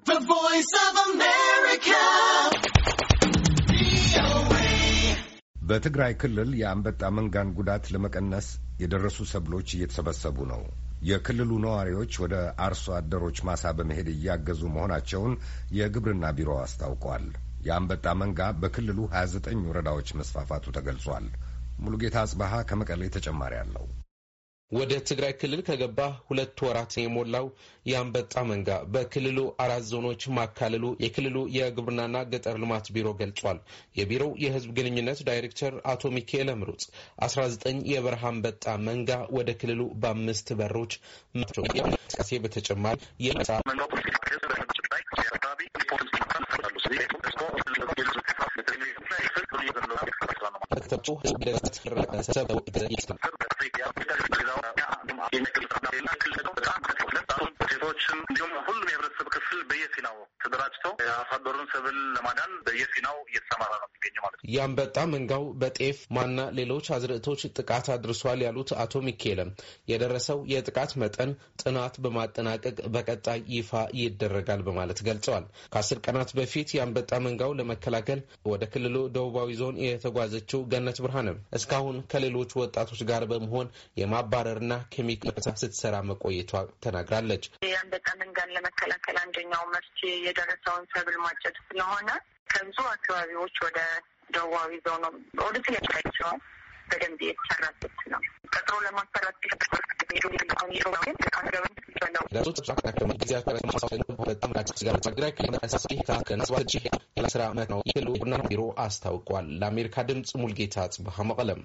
The Voice of America. በትግራይ ክልል የአንበጣ መንጋን ጉዳት ለመቀነስ የደረሱ ሰብሎች እየተሰበሰቡ ነው። የክልሉ ነዋሪዎች ወደ አርሶ አደሮች ማሳ በመሄድ እያገዙ መሆናቸውን የግብርና ቢሮ አስታውቋል። የአንበጣ መንጋ በክልሉ 29 ወረዳዎች መስፋፋቱ ተገልጿል። ሙሉጌታ አጽበሃ ከመቀሌ ተጨማሪ አለው። ወደ ትግራይ ክልል ከገባ ሁለት ወራት የሞላው የአንበጣ መንጋ በክልሉ አራት ዞኖች ማካለሉ የክልሉ የግብርናና ገጠር ልማት ቢሮ ገልጿል። የቢሮው የሕዝብ ግንኙነት ዳይሬክተር አቶ ሚካኤል ምሩጽ 19 የበረሃ አንበጣ መንጋ ወደ ክልሉ በአምስት በሮች ቃሴ በተጨማሪ ድርጅቶችን እንዲሁም ሁሉም የህብረተሰብ ክፍል በየፊናው ተደራጅተው አርሶ ሰብል ለማዳን በየፊናው እየተሰማራ ነው የሚገኘው ማለት ነው። የአንበጣ መንጋው በጤፍ ማና ሌሎች አዝርዕቶች ጥቃት አድርሷል ያሉት አቶ ሚኬለም የደረሰው የጥቃት መጠን ጥናት በማጠናቀቅ በቀጣይ ይፋ ይደረጋል በማለት ገልጸዋል። ከአስር ቀናት በፊት የአንበጣ መንጋው ለመከላከል ወደ ክልሉ ደቡባዊ ዞን የተጓዘችው ገነት ብርሃንም እስካሁን ከሌሎች ወጣቶች ጋር በመሆን የማባረርና ኬሚካል ስትሰራ መቆየቷ ተናግራለች። የአንበጣ መንጋን ለመከላከል አንደኛው መፍትሄ የደረሰውን ሰብል ማጨድ ስለሆነ ከብዙ አካባቢዎች ወደ ደቡባዊ ዞኑ ወደ ትለቻቸው በደንብ የተሰራበት ነው። ቀጥሮ ለማሰራት ቢሮ አስታውቋል። ለአሜሪካ ድምጽ ሙልጌታ ጽብሃ መቀለም